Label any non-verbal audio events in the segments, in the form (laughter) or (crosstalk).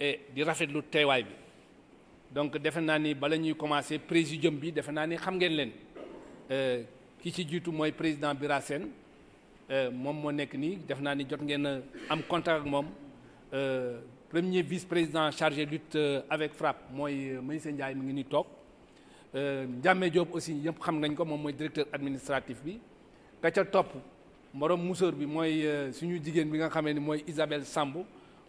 et di rafetlu teewaay bi donc defe naa commencer présidium bi defe naa ni xam ngeen euh, président Bira Sène euh, moom moo nekk am contact euh, premier vice-président chargé lutte avec frappe. mooy Monsieur Ndiaye mi ngi aussi yëpp xam nañ ko directeur administratif bi ka ca morom bi Isabelle Sambou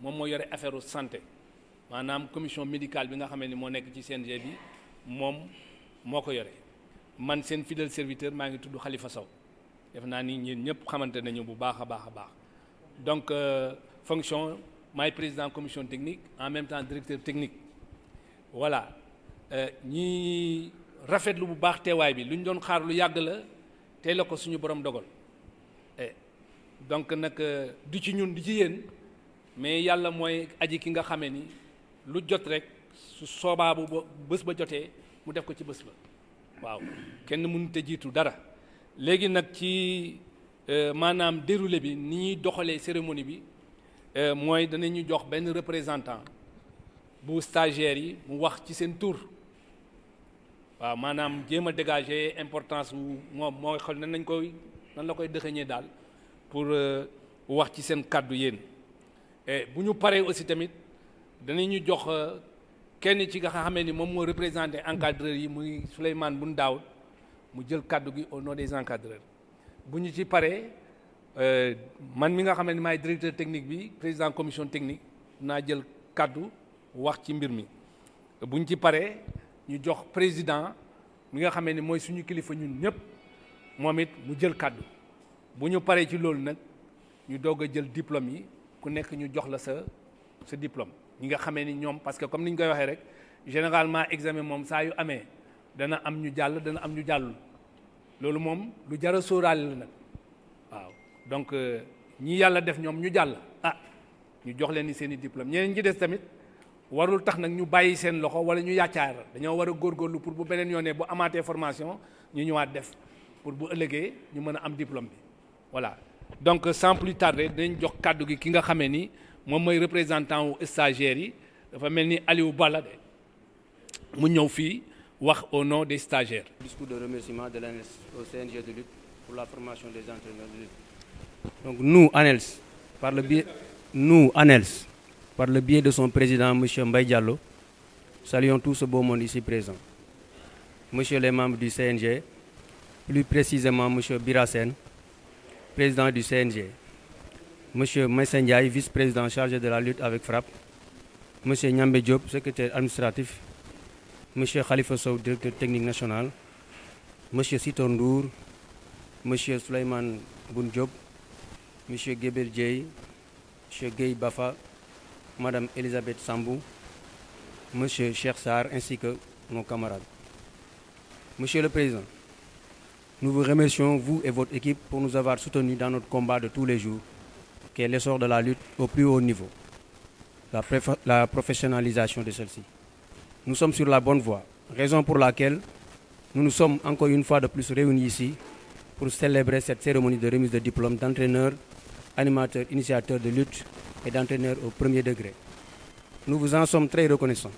moom moo yore affaire santé maanaam commission médicale bi nga xamee ni moo nekk ci CNG bi moom moo ko yore man seen fidèle serviteur maa ngi tudd Khalifa Sow def naa ni ñun ñëpp xamante nañu bu baax a baax a baax donc euh, fonction maay président commission technique en même temps directeur technique voilà euh, ñi rafetlu bu baax teewaay bi luñ doon xaar lu yàgg la tey la ko suñu borom dogal eh, donc nag euh, du ci ñun du ci yéen mais yàlla mooy aji ki nga xamee ni lu jot rek su soobaabu bu bés ba jotee mu def ko ci bés ba waaw kenn mënut a jiitu dara léegi nag ci euh, maanaam déroulé bi ni ñuy doxalee cérémonie bi euh, mooy danañu jox benn représentant bu stagiaire yi mu wax ci seen tour waaw maanaam jéem a dégager importance wu moom mooy xool nan nañ koy nan la koy dëxëñee daal pour euh, wax ci seen kàddu yéen et bu ñu paree aussi tamit ñu jox euh, kenn ci nga xamé ni mom mo représenter encadreur yi muy Souleymane Boun Daoud mu jël kàddu gi au nom des encadreurs bu ñu ci euh man mi nga xamé ni maay directeur technique bi président commission technique na jël kàddu wax ci mbir mi bu ci paré ñu jox président mi nga xamé ni moy suñu kilifa ñun ñëpp momit mu jël kàddu buñu paré ci lool nak ñu doga jël diplôme yi ku nekk ñu jox la sa sa diplôme ñi nga xamee ni ñoom parce que comme niñ koy waxee rek généralement examen moom saa yu amee dana am ñu jàll dana am ñu jàllul loolu moom lu jar a sóoraale la nag waaw donc euh, ñi yàlla def ñoom ñu jàll ah ñu jox leen ni seen i diplôme ñeneen ñi des tamit warul tax nag ñu bàyyi seen loxo wala ñu yàccaar dañoo war a góorgóorlu pour bu beneen yoonee bu amaatee formation ñu ñëwaat def pour bu ëllëgee ñu mën a am diplôme bi voilà donc sans plus tarder nous jox cadre de ki nga ni représentant des stagiaires Je dafa mel au Balade mu au nom des stagiaires. discours de remerciement de l'ANELS au CNG de lutte pour la formation des entraîneurs de lutte. donc nous ANELS par le biais nous ANELS par le biais de son président monsieur Mbaye Diallo saluons tous ce beau monde ici présent monsieur les membres du CNG plus précisément monsieur Biracène, président du CNG, M. Messendiaï, vice-président chargé de la lutte avec frappe, M. Nyambe Diop, secrétaire administratif, M. Khalifa Sow, directeur technique national, M. Sitondour, M. Suleiman Bounjob, M. Geber Djei, M. Gay Bafa, Mme Elisabeth Sambou, M. Sar, ainsi que nos camarades. Monsieur le Président, nous vous remercions, vous et votre équipe, pour nous avoir soutenus dans notre combat de tous les jours, qui est l'essor de la lutte au plus haut niveau, la, professionnalisation de celle-ci. Nous sommes sur la bonne voie, raison pour laquelle nous nous sommes encore une fois de plus réunis ici pour célébrer cette cérémonie de remise de diplôme d'entraîneur, animateur, initiateur de lutte et d'entraîneur au premier degré. Nous vous en sommes très reconnaissants.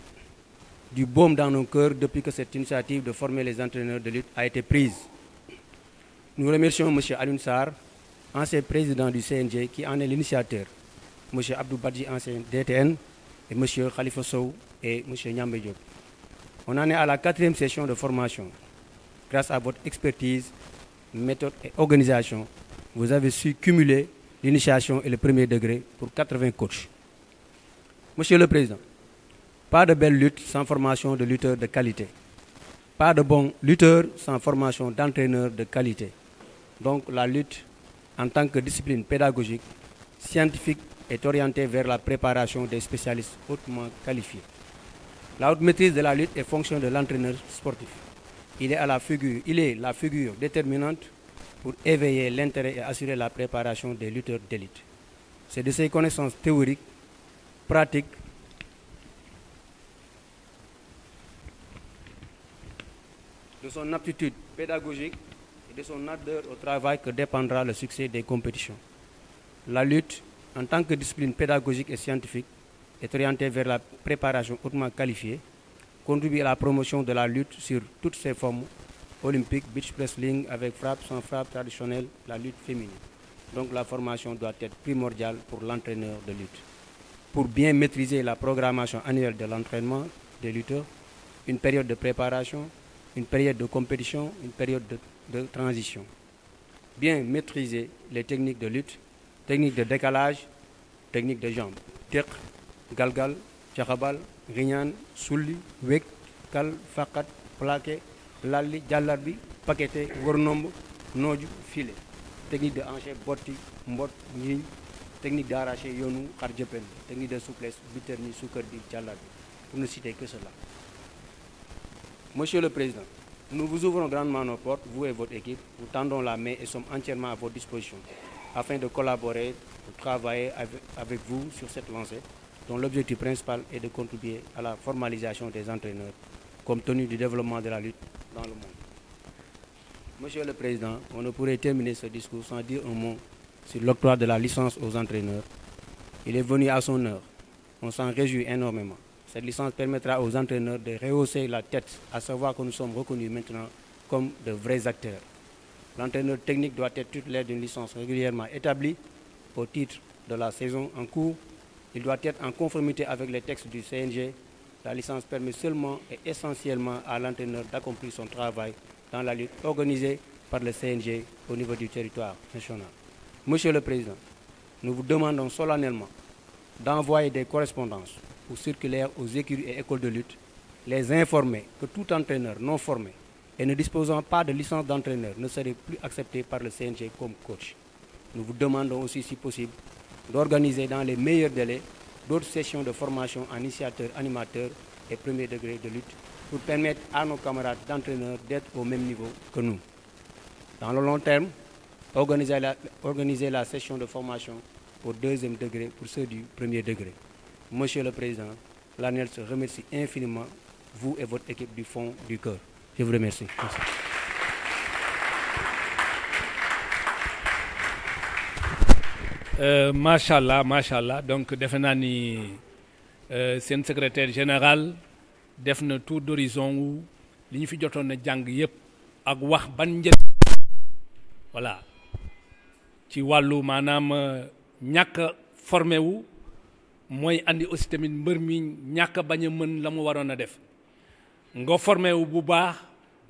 Du baume dans nos cœurs depuis que cette initiative de former les entraîneurs de lutte a été prise. Nous remercions M. Alun Sar, ancien président du CNG, qui en est l'initiateur, M. Abdou Badji, ancien DTN, et M. Khalifa Sow et M. Nyambe Diop. On en est à la quatrième session de formation. Grâce à votre expertise, méthode et organisation, vous avez su cumuler l'initiation et le premier degré pour 80 coachs. Monsieur le Président, pas de belle lutte sans formation de lutteurs de qualité. Pas de bons lutteurs sans formation d'entraîneurs de qualité. Donc la lutte en tant que discipline pédagogique, scientifique, est orientée vers la préparation des spécialistes hautement qualifiés. La haute maîtrise de la lutte est fonction de l'entraîneur sportif. Il est, la figure, est la figure déterminante pour éveiller l'intérêt et assurer la préparation des lutteurs d'élite. C'est de ses connaissances théoriques, pratiques, de son aptitude pédagogique de son ardeur au travail que dépendra le succès des compétitions. La lutte, en tant que discipline pédagogique et scientifique, est orientée vers la préparation hautement qualifiée, contribue à la promotion de la lutte sur toutes ses formes, olympiques, beach wrestling, avec frappe, sans frappe traditionnelle, la lutte féminine. Donc la formation doit être primordiale pour l'entraîneur de lutte. Pour bien maîtriser la programmation annuelle de l'entraînement des lutteurs, une période de préparation, une période de compétition, une période de de transition. Bien maîtriser les techniques de lutte, techniques de décalage, techniques de jambes. Tek, galgal, chakabal, rignan, sulli, wek, kal, fakat, plaqué, plalli, djallarbi, paqueté, gornombo, noju, filet. Technique de hancher, botti, mbot, Ni, technique d'arracher, yonou, karjepen, technique de souplesse, biterni, soukerdi, djallarbi, pour ne citer que cela. Monsieur le Président, nous vous ouvrons grandement nos portes, vous et votre équipe. Nous tendons la main et sommes entièrement à votre disposition afin de collaborer, de travailler avec vous sur cette lancée dont l'objectif principal est de contribuer à la formalisation des entraîneurs comme tenu du développement de la lutte dans le monde. Monsieur le Président, on ne pourrait terminer ce discours sans dire un mot sur l'octroi de la licence aux entraîneurs. Il est venu à son heure. On s'en réjouit énormément. Cette licence permettra aux entraîneurs de rehausser la tête, à savoir que nous sommes reconnus maintenant comme de vrais acteurs. L'entraîneur technique doit être tutelaire d'une licence régulièrement établie au titre de la saison en cours. Il doit être en conformité avec les textes du CNG. La licence permet seulement et essentiellement à l'entraîneur d'accomplir son travail dans la lutte organisée par le CNG au niveau du territoire national. Monsieur le Président, nous vous demandons solennellement d'envoyer des correspondances ou circulaire aux écuries et écoles de lutte, les informer que tout entraîneur non formé et ne disposant pas de licence d'entraîneur ne serait plus accepté par le CNG comme coach. Nous vous demandons aussi, si possible, d'organiser dans les meilleurs délais d'autres sessions de formation en initiateurs, animateurs et premier degré de lutte pour permettre à nos camarades d'entraîneurs d'être au même niveau que nous. Dans le long terme, organiser organiser la session de formation au deuxième degré pour ceux du premier degré. Monsieur le Président, l'ANEL se remercie infiniment, vous et votre équipe du fond du cœur. Je vous remercie. Euh, machallah machallah donc defe ni euh, secrétaire général def tout tour d'horizon où li ne fi jotoon na banjet. voilà ci wàllu maanaam euh, formé wu mooy andi aussi tamit nyaka mi ñàkk bañ a mën la mu waroon a def nga formé wu bu baax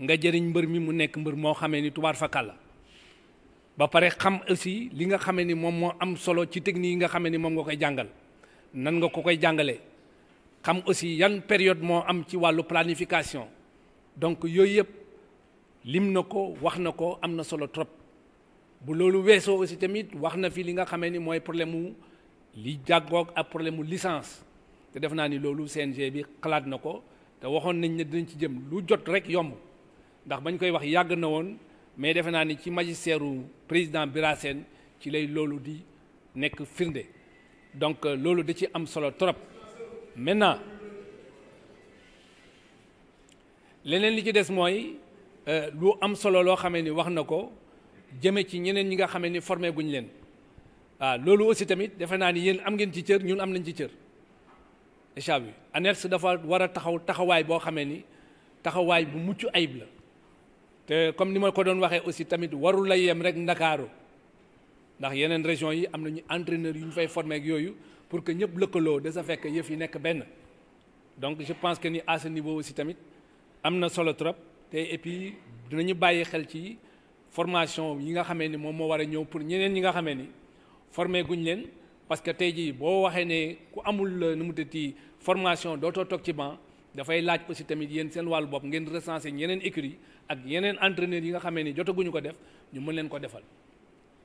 nga jëriñ mbër mi mu nekk mbër moo xamee ni tubaar la ba pare xam aussi li nga xamee ni moom moo am solo ci technique yi nga xamee ni moom nga koy jàngal nan nga ko koy jàngalee xam aussi yan période moo am ci wàllu planification donc yooyu yëpp lim na ko wax na ko am na solo trop bu loolu weesoo aussi tamit wax na fi li nga xamee ni mooy problème li jàggoog ak problème licence te def naa ni loolu CNG bi xalaat na ko te waxoon nañ ne dinañ ci jëm lu jot rek yomb ndax bañ koy wax yàgg na woon mais defe naa ni ci magistère président Bira Sène ci lay loolu di nekk firnde donc euh, loolu da ci am solo trop maintenant leneen li ci des mooy euh, lu am solo loo xamee ni wax na ko jëme ci ñeneen ñi nga xamee ni formé guñ leen waaw ah, loolu aussi tamit defe naa ni yéen am ngeen ci cër ñun am nañ ci cër échappe bi ANELS dafa war a taxaw taxawaay boo xamee ni taxawaay bu mucc ayib la te comme ni ma ko doon waxee aussi tamit waru la yem rek ndakaaru ndax yeneen région yi am nañu entraîneur yu ñu fay formé ak yooyu pour que ñëpp lëkkaloo de sa fekk yëf yi nekk benn donc je pense que ni à ce niveau aussi tamit am na solo trop te et puis dinañu bàyyi xel ci formation yi nga xamee ni moom moo war a ñëw pour ñeneen ñi nga xamee ni formé guñ len parce que tey jii boo waxee ne ku amul euh, nu mu formation dootoo toog ci banc dafay laaj aussi tamit yeen sen wàllu bop ngeen recenser yenen écurie ak yenen entraîneur yi nga xamé ni jotaguñu ko def ñu mën len ko defal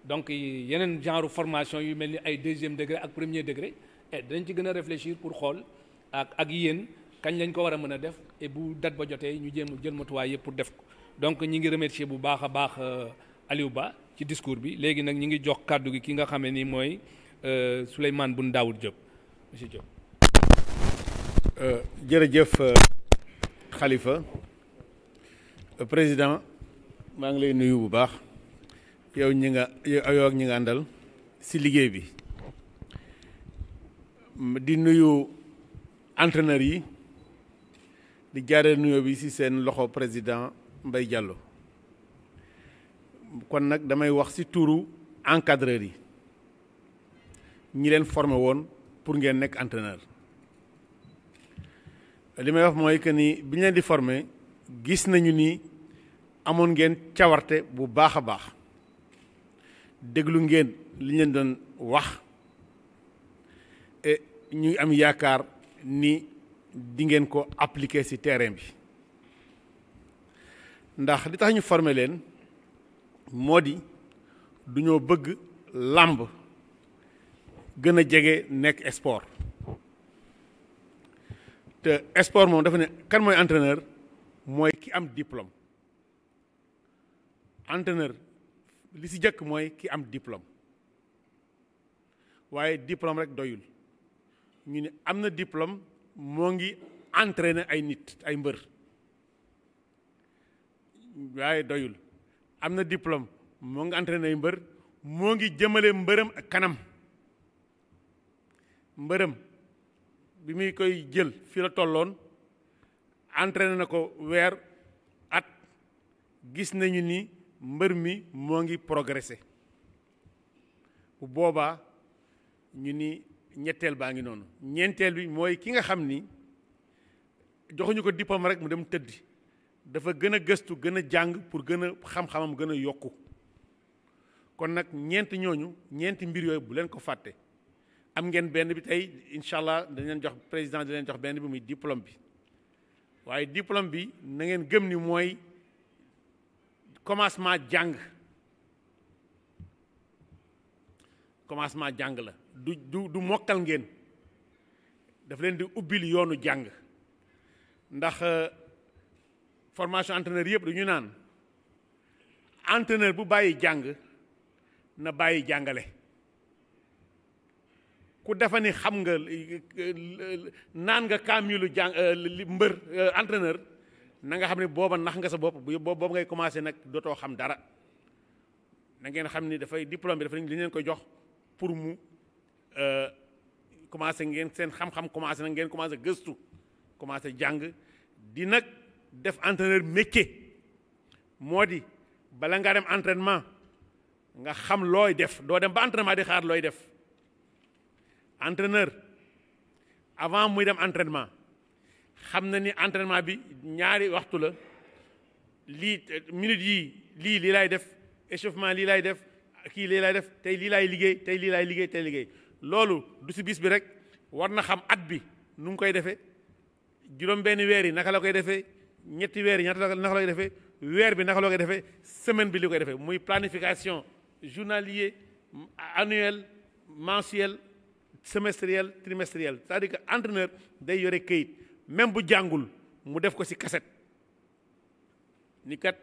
donc yenen genre formation yu melni ay deuxième degré ak premier degré et eh, dañ ci gëna réfléchir pour xol ak ak yeen kañ lañ ko wara mëna def et bu date ba jotee ñu jëm jël matuwa yépp pour def ko donc ñi ngi remercier bu baaxa baax euh, Aliou Ba ci discours bi léegi nag ñu ngi jox kàddu gi ki nga xamee ni mooy euh, Souleymane Boun Daoud Diop monsieur Diop. Euh, jërëjëf xalifa euh, président maa ngi lay nuyu bu baax yow ñi nga yow ak ñi nga àndal si liggéey bi di nuyu entraîneur yi di jaaree nuyoo bi si seen loxo président mbay Diallo. kon nag damay wax ci turu encadreur yi ñi leen formé woon pour ngeen nekk entraîneur li may wax mooy que nii bi ñu leen di formé gis nañu ni amoon ngeen cawarte bu baax a baax déglu ngeen li leen doon wax e ñu am yaakaar ni dingeen ko appliquer ci terrain bi ndax li tax ñu formé leen. moo di duñoo bëgg làmb gën a jege nekk sport te sport moom dafa ne kan mooy entraîneur mooy ki am diplôme entraîneur li si jëkk mooy ki am diplôme waaye diplom rek doyul ñu ne am na diplôme moo ngi entraîner ay nit ay mbër waaye doyul amna diploma, diplôme mo ngi entraîné mbeur mo ngi jëmele ak kanam mbërëm bi mi koy jël fi la tollon entraîné na wèr at gis nañu ni mbeur mi mo ngi progresser bu boba ñu ni ñettel baangi non ñentel bi moy ki nga xamni joxuñu ko diplôme rek mu dem teddi dafa gën a gëstu gën a jàng pour gën a xam-xamam gën a yokku kon nag ñeenti ñooñu ñeenti mbir yooyu bu leen ko fàtte am ngeen benn bi tey incha allah dañ jox président di jox benn bi muy diplôme bi waaye diplôme bi nangeen gëm ni mooy commencement jàng commencement jàng la du du du mokkal ngeen daf leen di ubbil yoonu jàng ndax euh, formation entraîneur yëpp dañu naan entraîneur bu bàyyi jàng na bàyyi jàngale ku defa ni xam nga naan nga kaamilu jàng euh, mbër euh, entraîneur na nga xam ne booba nax nga sa bopp bu booba ngay commencé nag dootoo xam dara na ngeen xam ni dafay diplôme bi dafa li leen koy jox pour mu euh, commencé ngeen seen xam-xam commencé na ngeen commencé gëstu commencé jàng di nag def entraîneur métier moo di bala nga dem entraînement nga xam looy def doo dem ba entraînement di xaar looy def entraîneur avant muy dem entraînement xam na ni entraînement bi ñaari waxtu la lii minute yi lii lii laay def échauffement lii laay def kii lii lay def tey lii laay liggéey tey lii laay liggéey tey liggéey loolu du si bis bi rek war na xam at bi num koy defee juróom benn weer yi naka la koy defee ñetti weer yi ñaata semaine bi planification journalier annuel mensuel semestriel trimestriel c'est-à-dire entraîneur day même bu jàngul mu def ko ci cassette ni kat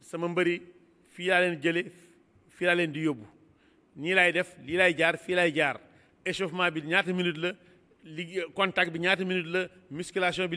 sama mbëri fii laa di def jaar jaar échauffement bi ñaata minute la li contact bi ñaata minute la musculation bi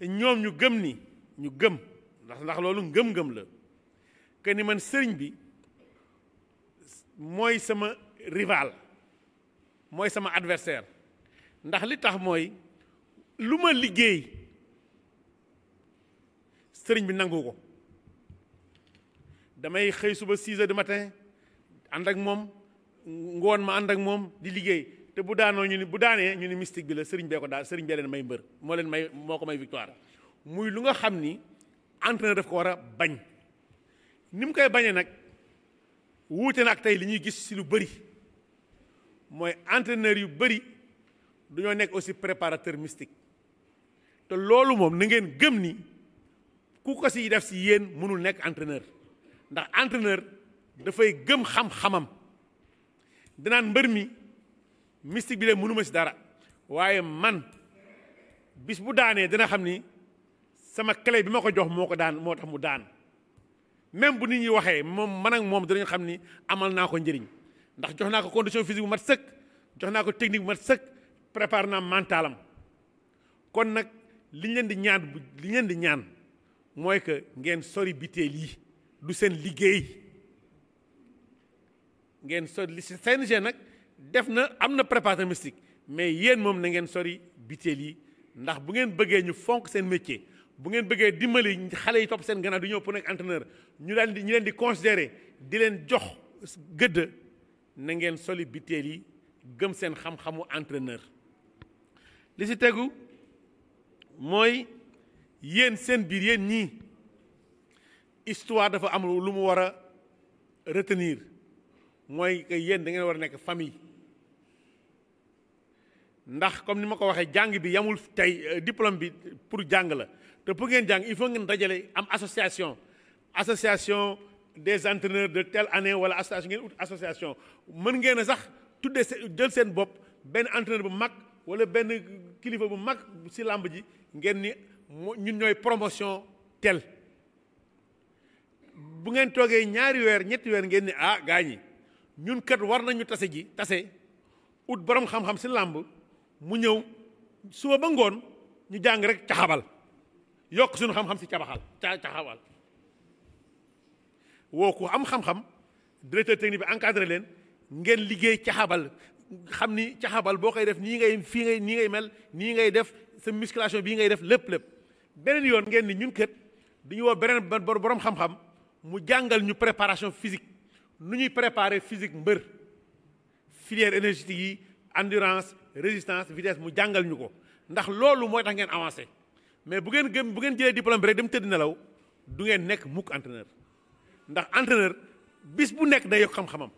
te ñoom ñu gëm ni ñu gëm ndax ndax loolu ngëm-ngëm la que ni man sëriñ bi mooy sama rival mooy sama adversaire ndax li tax mooy lu ma liggéey sëriñ bi nangu ko damay xëy suba 6 heures du matin ànd ak moom ngoon ma ànd ak moom di liggéey te bu daano ñu ni bu daane ñu ni mystique bi la sëriñ bi ko daal sëriñ bi leen may mbeur mo leen may moko may victoire muy lu nga xamni entraîneur daf ko wara bañ nim koy bañee nak wuté nak tay li ñuy gis ci lu bari moy entraîneur yu bari dañoo nekk aussi préparateur mystique te loolu moom na ngeen gëm ni ku ko si def si yéen mënul nekk entraîneur ndax entraîneur dafay gëm xam-xamam dinaan mbër mi mystique bi de mënuma si dara waaye man bis bu daanee dana xam ni sama clé bi ma ko jox moo ko daan moo tax mu daan même bu nit ñi waxee moom mën ak moom dinañ xam ni amal naa ko njëriñ ndax jox naa ko condition physique bu mat sëkk jox naa ko technique bu mat sëkk prépare naa mentalam kon nag liñ leen di ñaan liñ leen di ñaan mooy que ngeen sori biteel yi du seen liggéey ngeen sori li seen nag def na am na préparateur mystique mais yéen moom na ngeen sori biteel yi ndax bu ngeen bëggee ñu fonk seen métier bu ngeen bëggee dimbali xale yi topp seen gannaaw du ñëw pour nekk entraîneur ñu daal di leen di considérer di leen jox gëdd na ngeen soli biteel yi gëm seen xam-xamu entraîneur li si tegu mooy yéen seen biir yéen ñii histoire dafa amul lu mu war a retenir mooy que yéen da ngeen war a nekk famille ndax comme ni ma ko waxee jàng bi yamul tey euh, diplôme bi pour jàng la te pour ngeen jàng il faut ngeen dajale am association association des entraîneurs de tell année wala association ngeen ut association mën ngeen a sax tuddee jël seen bopp benn entraîneur bu mag wala benn kilifa bu mag si làmb ji ngeen ni ñun ñooy promotion tel bu ngeen toogee ñaari weer ñetti weer ngeen ni ah gaa ñi ñun kat war nañu tase ji tase ut borom xam-xam si làmb mu ñëw suba ba ngoon ñu jàng rek caxabal yokk suñu xam-xam si cabaxal ca caxabal woo ku am xam-xam directeur technique bi encadré leen ngeen liggéey caxabal xam ni caxabal boo koy def nii ngay fii ngay nii ngay mel nii ngay def sa musculation bii ngay def lépp lépp beneen yoon ngeen ni ñun kët dañu woo beneen ba borom xam-xam mu jàngal ñu préparation physique nu ñuy préparer physique mbër filière énergétique yi endurance résistance vitesse mu jàngal ñu ko ndax loolu mooy tax ngeen avancé mais bu ngeen gëm bu ngeen jëlee diplôme bi rek dem tëdd nelaw du ngeen nekk mukk entraîneur ndax entraîneur bis bu nekk day yokk xam-xamam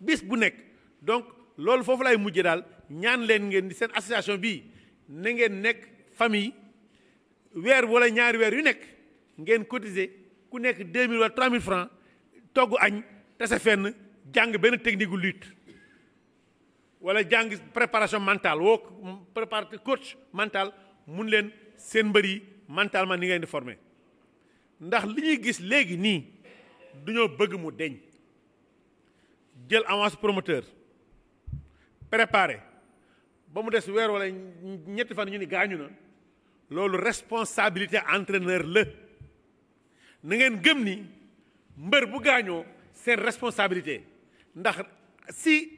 bis bu nekk donc loolu foofu lay mujjee daal ñaan leen ngeen di seen association bi na ngeen nekk famille weer wala ñaari weer yu nekk ngeen cotiser ku nekk 2000 wala 3000 francs togg añ tase fenn jàng benn technique lutte wala jàng préparation mentale woo préparation coach mental mun leen seen mbër yi mentalement ni ngeen di former ndax li ñuy gis léegi nii duñoo bëgg mu deñ jël avance promoteur préparé ba mu des weer wala ñetti fan ñu ni gaañu na loolu responsabilité entraîneur la na ngeen gëm ni mbër bu gaañoo seen responsabilité ndax si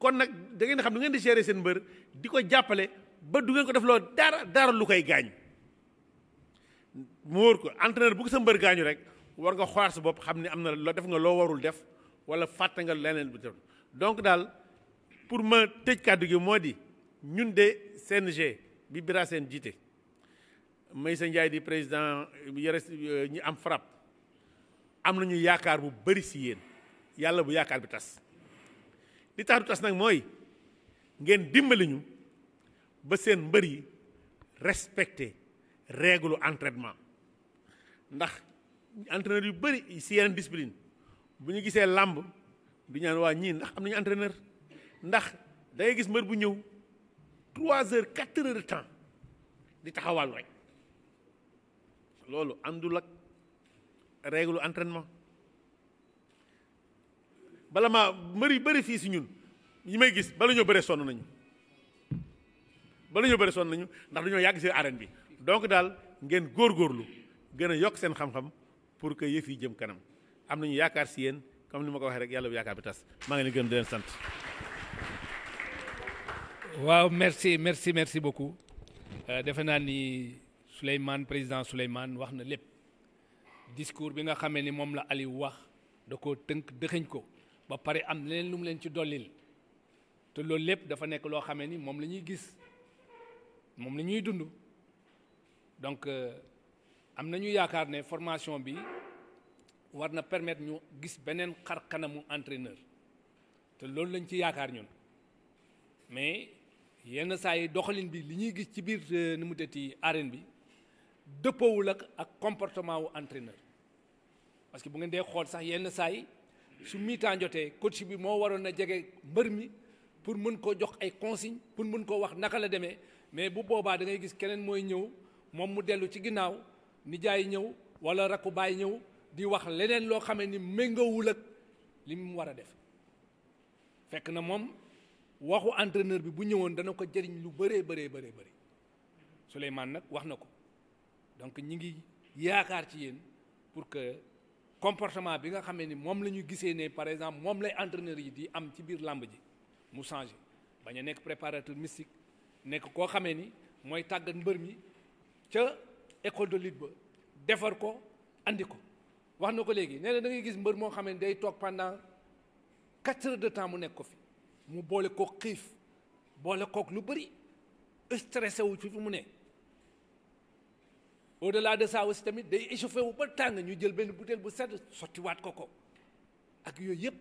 kon nak da ngeen xam da ngeen di gérer seen mbeur diko jappalé ba du ngeen ko def lo dara dara lu koy gañ mu ko entraîneur bu ko sa mbeur gañu rek war nga xoolaat sa bop xamni amna lo def nga lo warul def wala fàtte nga leneen bu def donc dal pour ma tej kaddu gi modi di ñun de CNG bi bira seen jité may sa ndjay di président yere ñi am frappe amna ñu yaakar bu bari ci yeen yalla bu yaakar bi tass li tax du tas nag mooy ngeen dimbali ñu ba seen mbër yi respecté règle entraînement ndax entraîneur yu bëri si yeneen discipline bu ñu gisee làmb du ñaan waa ñii ndax am nañu entraîneur ndax da gis mbër bu ñëw trois heures quatre heures de temps di taxawaalu rek loolu àndul lag règle entraînement bala maa mëri bëri fii si ñun ñi may gis bala ñoo bëree sonn nañu bala ñoo bëree sonn nañu ndax dañoo yàgg si arène bi donc daal ngeen góor góorlu gën a yokk seen xam-xam pour que yëf yi jëm kanam am nañu yaakaar si yéen comme ni ma ko waxee rek yàlla bu yaakaar bi tas maa ngi leen gën di leen sant. waaw merci merci merci beaucoup euh, defe naa ni Souleymane président Souleymane wax na lépp discours bi nga xamee ni moom la Aliou wax da ko tënk dëxëñ ko. ba pare am leen lu mu leen ci dolil te loolu lépp dafa nekk loo xamee ni moom la ñuy gis moom la ñuy dund donc euh, am nañu yaakaar ne formation bi war na permettre ñu gis beneen xar kanamu entraîneur te loolu lañ ci yaakaar ñun mais yenn saa yi doxalin bi li ñuy gis ci biir euh, nu mu tëddi arène bi dëppoowul ak ak comportement wu entraîneur parce que bu ngeen dee xool sax yenn saa yi su mi-temps jotee coach bi moo waroon na jege mbër mi pour mën koo jox ay consigne pour mën koo wax naka la demee mais bu boobaa dangay gis keneen mooy ñëw moom mu dellu ci ginnaaw nijaay ñëw wala rakku baay ñëw di wax leneen loo xamee ni méngoowul ak li mu war a def fekk na moom waxu entreneur bi bu ñëwoon dana ko jëriñ lu bëree bëree bëree bëri Souleymane nag wax na ko donc ñi ngi yaakaar ci yéen pour que comportement bi nga xamé ni mom la gissé né par exemple mom lay entraîneur yi di am ci biir lamb ji mu changé baña nek préparateur mystique nek ko xamé ni moy tàggat mbeur mi ca école de lutte ba defar ko andi ko wax na ko léegi nee na da ngay gis mbër moo xam day tok pendant 4 heures de temps mu nek ko fi mu bolé ko xif bolé ko lu bari stressé wu ci fi mu ne au delà de ça aussi tamit day échauffer wu ba tàng ñu jël benn bouteille bu sedd sottiwaat ko ko ak yooyu yëpp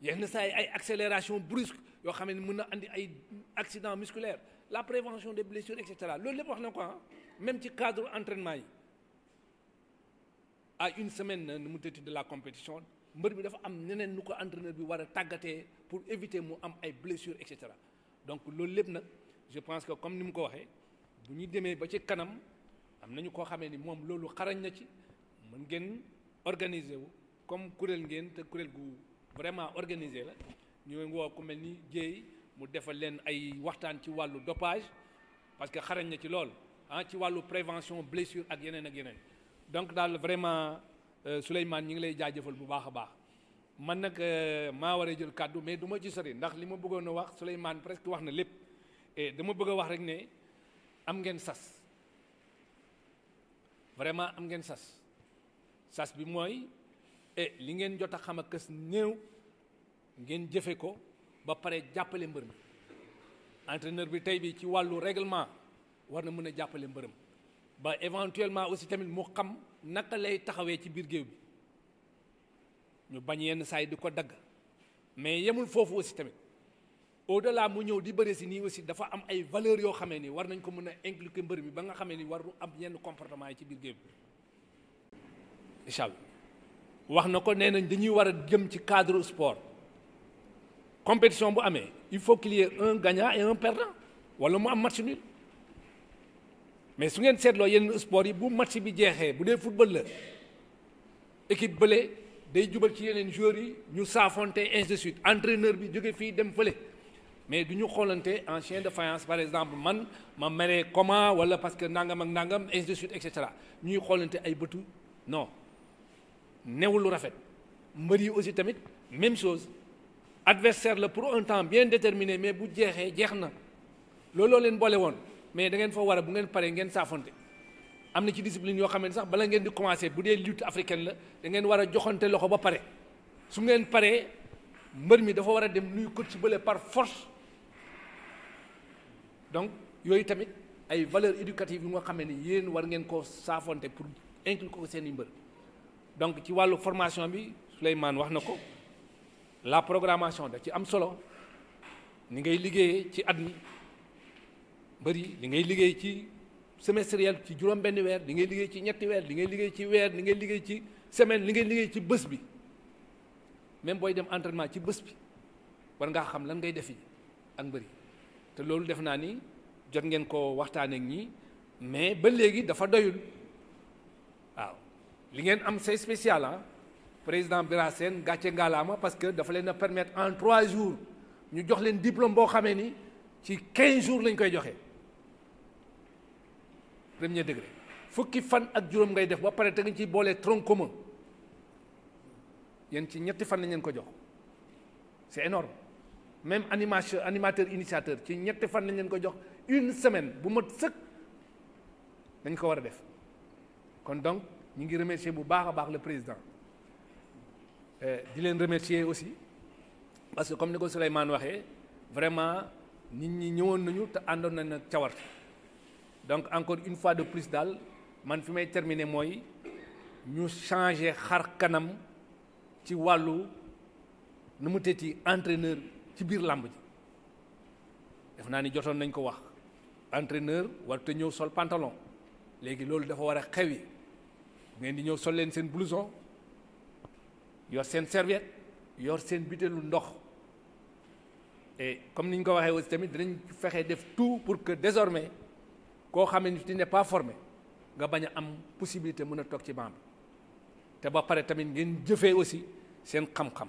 yenn saa ay accélération brusque yoo xam ne mën na andi ay accident musculaire la prévention des blessures et cetera loolu lépp wax na ko ah, même ci cadre entraînement yi à une semaine nu mu tëdd de la compétition mbër bi dafa am neneen nu ko entraîneur bi war a tàggatee pour éviter mu am ay blessures et cetera donc loolu lépp nag je pense que comme ni mu ko waxee bu ñu demee ba ci kanam am nañu koo xamee ni moom loolu xarañ na ci mën ngeen organiser wu comme kuréel ngeen te kuréel gu vraiment organisé la ñu woo ku mel ni jéey mu defal leen ay waxtaan ci wàllu dopage parce que xarañ na ci lool ah ci wàllu prévention blessure ak yeneen ak yeneen donc daal vraiment euh, Souleymane ñi ngi lay jaajëfal bu baax a baax man nag euh, maa war a jël kàddu mais du ma ci sori ndax li ma bëggoon a wax Souleymane presque wax na lépp et dama bëgg a wax rek ne am ngeen sas vraiment am ngeen sas sas bi mooy e li ngeen jot a xam a kës néew ngeen jëfe ko ba pare jàppale mbër mi entraîneur bi tey bi ci wàllu réglement war na mën a jàppale mbërëm ba éventuellement aussi tamit mu xam naka lay taxawee ci biir géew bi ñu bañ yenn saa yi di ko dagg mais yemul foofu aussi tamit au delà mu ñëw di bëre ci nii aussi dafa am ay valeurs yoo xamee ni war nañ ko mën a inculquer mbër mi ba nga xamee ni waru am yenn comportement yi ci biir géew inchallah wax na ko nee nañ dañuy war a jëm ci cadre sport compétition bu amee il faut qu'il y ait un gagnant et un perdant wala mu am match nul mais su ngeen seetloo yenn sport yi bu match bi jeexee bu dee football la équipe bële day jubal ci yeneen joueurs yi ñu saafonte ainsi de suite entraîneur bi jóge fii dem fële mais duñu ñu ancien en chien de faïence par exemple man ma meree comment wala parce que nangam ak nangam et de suite et cetera ñuy xoolante ay bëtu non newul lu rafet mbeur yi aussi tamit même chose adversaire la pour un temps bien déterminé mais bu jéxé jéxna lolo leen bolé won mais da ngeen fa wara bu ngeen paré ngeen safonté amna ci discipline yo xamné sax bala ngeen di commencer bu dé lutte africaine la da ngeen wara joxonté loxo ba paré su ngeen paré mbeur mi dafa war a dem nuy ko ci par force donc yooyu tamit ay valeur éducative yu nga xam ni yéen war ngeen koo saafonte pour inclure ko seen i mbër donc ci wàllu formation bi Souleymane wax na ko la programmation da ci am solo ni ngay liggéeyee ci at mi bëri li ngay liggéey ci semestriel ci juróom-benn weer li ngay liggéey ci ñetti weer li ngay liggéey ci weer li ngay liggéey ci semaine li ngay liggéey ci bés bi même booy dem entraînement ci bés bi war ngaa xam lan ngay defi ak mbëri te loolu def naa ni jot ngeen ko waxtaan ak ñi mais ba léegi dafa doyul waaw li ngeen am c'est spécial ah président Bira Sène gàcce ngaalaama parce que dafa leen a permettre en trois jours ñu jox leen diplôme boo xamee ni ci quinze jours lañ koy joxe premier degré fukki fan ak juróom ngay def ba pare te nga ciy boole tronc commun yéen ci ñetti fan lañ leen ko jox c'est énorme même animateur, animateur initiateur ci ñetti fan lañ leen ko jox une semaine bu me dites, dañ ko war a def kon donc nous ngi remercier bu baax baax le président euh, di leen remercier aussi parce que comme ni ko Souleymane waxee vraiment nous ñi ñëwoon nañu te àndoon nañ nag donc encore une fois de plus d'Al, man fi may terminer Moi, ñu changer xar kanam ci wàllu nu mu entraîneur ci biir làmb ji def naa ni jotoon nañ ko wax entraîneur war te ñëw sol pantalon léegi loolu dafa war a xewi ngeen di ñëw sol leen seen blouson yor seen serviette yor seen butéelu ndox et comme niñ ko waxee aussi tamit dinañ fexe def tout pour que désormais koo xamee ni tu pas formé nga bañ a am possibilité mën a toog ci banc bi te ba pare tamit ngeen jëfee aussi seen xam-xam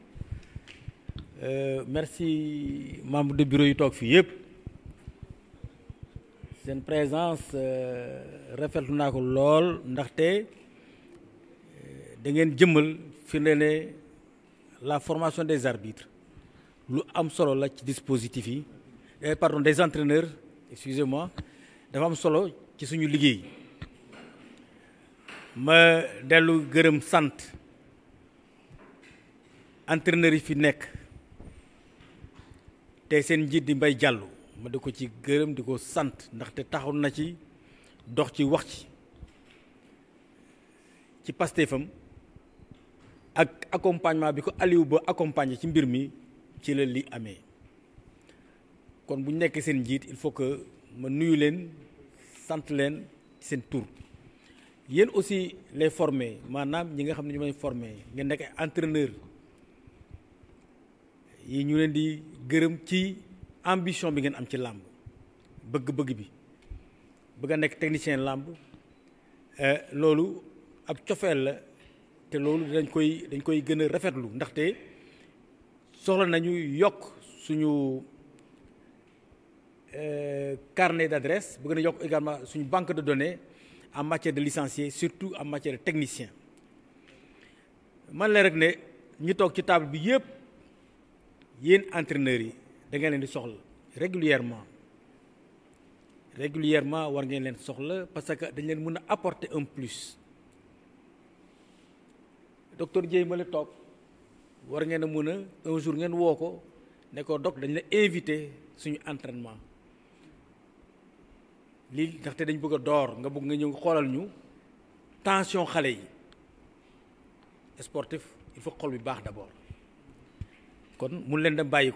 Euh, merci membres de bureau yu tok fi yëpp seen présence euh, rafetlu naa ko lool ndaxte euh, da ngeen fi ne la formation des arbitres lu am solo la ci dispositif yi eh, pardon des entraîneurs excusez-moi dafa am solo ci suñu liggéey Mais dellu gërëm sant entraîneurs yi fi nekk tey seen njiit di mbay Diallo ma di ko ci gërëm di ko sant ndaxte taxaw na ci dox ci wax ci ci Pastefam ak accompagnement bi ko Aliou ba accompagner ci mbir mi ci la li amee kon bu nekkee seen njiit il faut que ma nuyu leen sant leen seen tur yéen aussi les former maanaam ñi nga xam ne ñu may former ngeen nekk ay entraîneur yi ñu leen di gërëm ci ambition bi ngeen am ci lamb bëgg-bëgg bi bëgg a nekk technicien làmb euh, loolu ab cofeel la te loolu dañ koy dañ koy gën a rafetlu ndaxte soxla nañu yokk suñu euh, carnet d'adresse bëgg na yokk également suñu banque de données en matière de licencié surtout en matière de technicien man la rek ne ñu toog ci table bi yépp yéen entraîneurs yi da ngeen leen di soxla régulièrement régulièrement war ngeen leen soxla parce que dañ leen mën a apporter un plus docteur Dieye ma la toog war ngeen a mën a un jour ngeen woo ko ne ko doc dañ la invité suñu entraînement lii ndaxte dañ bëgg a door nga bëgg nga ñëw xoolal ñu tension xale yi sportif il faut xol bi baax d'abord kon mu leen dem bàyyi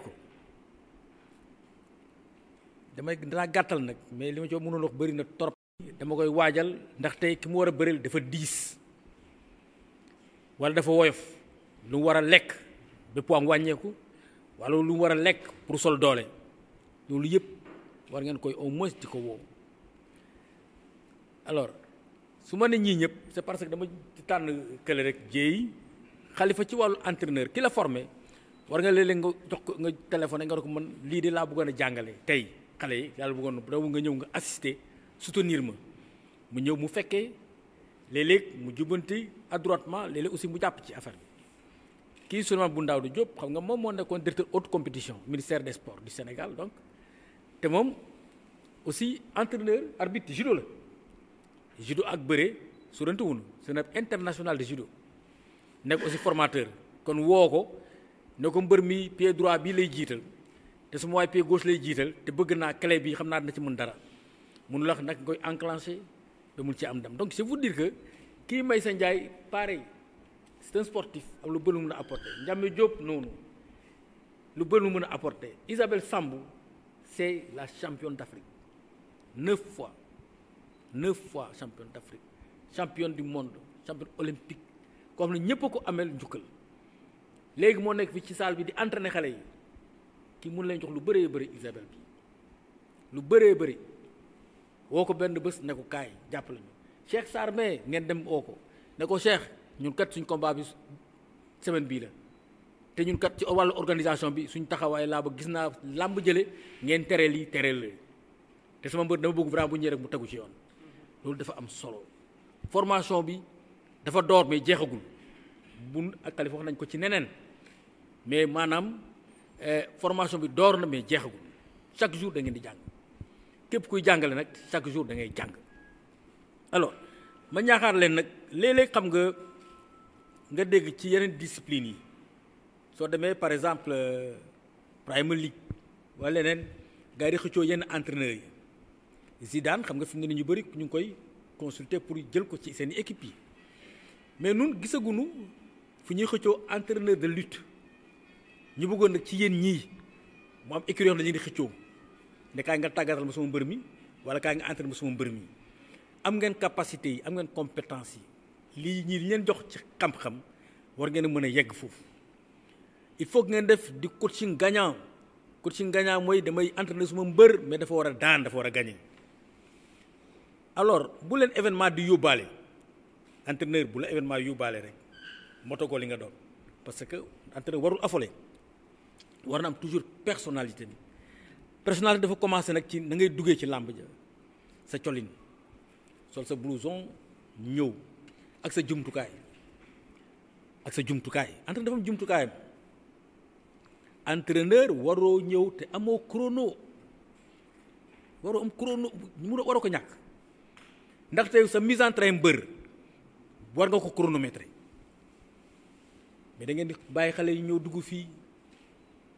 damay dinaa gàttal nag mais li ma ci mënul wax bëri na torop dama koy waajal ndax tey ki mu war a bëril dafa diis wala dafa woyof lu mu war a lekk ba poids wàññeeku wala lu mu war a lekk pour sol doole loolu yëpp war ngeen koy au moins di ko woo alors su ma ne ñii ñëpp c'est parce que dama tànn kële rek jéey xalifa ci wàllu entraîneur ki la former war nga léeg-léeg nga jox nga téléphone nga ko man lii de laa bëggoon a jàngale tey xale yi laa bëggoon daw nga ñëw nga assister soutenir ma mu ñëw mu fekkee léeg-léeg mu jubbante adroitement léeg aussi mu jàpp ci affaire bi kii bu ndaw Ndaouda Diop xam nga moom moo nekkoon directeur haute compétition ministère des sports du Sénégal donc te moom aussi entraîneur arbitre judo la judo ak bëre su rente wuñu c'est international de judo nekk aussi formateur kon woo ko ne ko mbër mi pied droit bii lay jiital te su ma waay pied gauche lay jiital te bëgg naa clé bi xam naa dina ci mën dara mënu lax nag koy enclenché ba mun ci am dem donc c'est vous dire kii may sa njaay pareil c'est un sportif am lu bëri mu mën a apporter Ndiame Diop noonu lu bëri lu mën a apporter Isabelle Sambou c'est la championne d'Afrique neuf fois neuf fois championne d'Afrique championne du monde championne olympique koo xam ne ñëpp ko ameel njukkal léegi moo nekk fi ci salle bi di entraîner xale yi kii mun lañ jox lu bëree bëri Isabelle bi lu bëree bëri woo ko benn bés ne ko kaay jàpp lañu Cheikh Sarr mais ngeen dem oo ko ne ko Cheikh ñun kat suñ combat bi semaine bii la te ñun kat ci wàllu organisation bi suñ taxawaay laa ba gis naa làmb jële ngeen tere lii tere la te sama mbër dama bëgg vraiment bu ñëwee rek mu tegu ci yoon loolu dafa am solo formation bi dafa door mais jeexagul bun ak Kaliphone wax nañ ko ci neneen mais maanaam eh, formation bi door na mais jeexagul chaque jour da ngeen di jàng képp kuy jàngale nag chaque jour da ngay jàng alors ma ñaaxaar leen nag léeg-léeg xam nga nga dégg ci yeneen discipline yi soo demee par exemple euh, Premier League wala leneen gars yi di xëccoo yenn entraîneurs yi Zidane xam nga fi mu ne ñu bëri ñu ngi koy consulter pour jël ko ci seen i équipe yi mais nun gisagunu fu ñuy xëccoo entraîneur de lutte ñu bëggoon nag ci yéen ñii mu am écurie yoo dañuy di xëccoo ne kaay nga tàggatal ma sama mbër mi wala kaay nga entraîné ma sama mbër mi am ngeen capacité yi am ngeen compétence yi lii ñii jox ci xam-xam war ngeen mën a yegg foofu il faut ngeen def di coaching gagnant coaching gagnant mooy damay entraîné suma mbër mais dafa war a daan dafa war a gagné alors bu leen événement di yóbbaale entraîneur bu la événement yóbbaale rek motogol li nga doon parce que entraîneur warul affolé war na am toujours personnalité bi personnalité dafa commencé nag ci na ngay duggee ci làmb ja sa colin sol sa blouson ñëw ak sa jumtukaay ak sa jumtukaay entraîneur dafa am jumtukaayam entraîneur waroo ñëw te amoo chrono waroo am chrono mu waroo ko ñàkk ndaxte sa mise en train mbër war nga ko chronométrer mais da ngeen di bàyyi xale yi ñëw dugg fii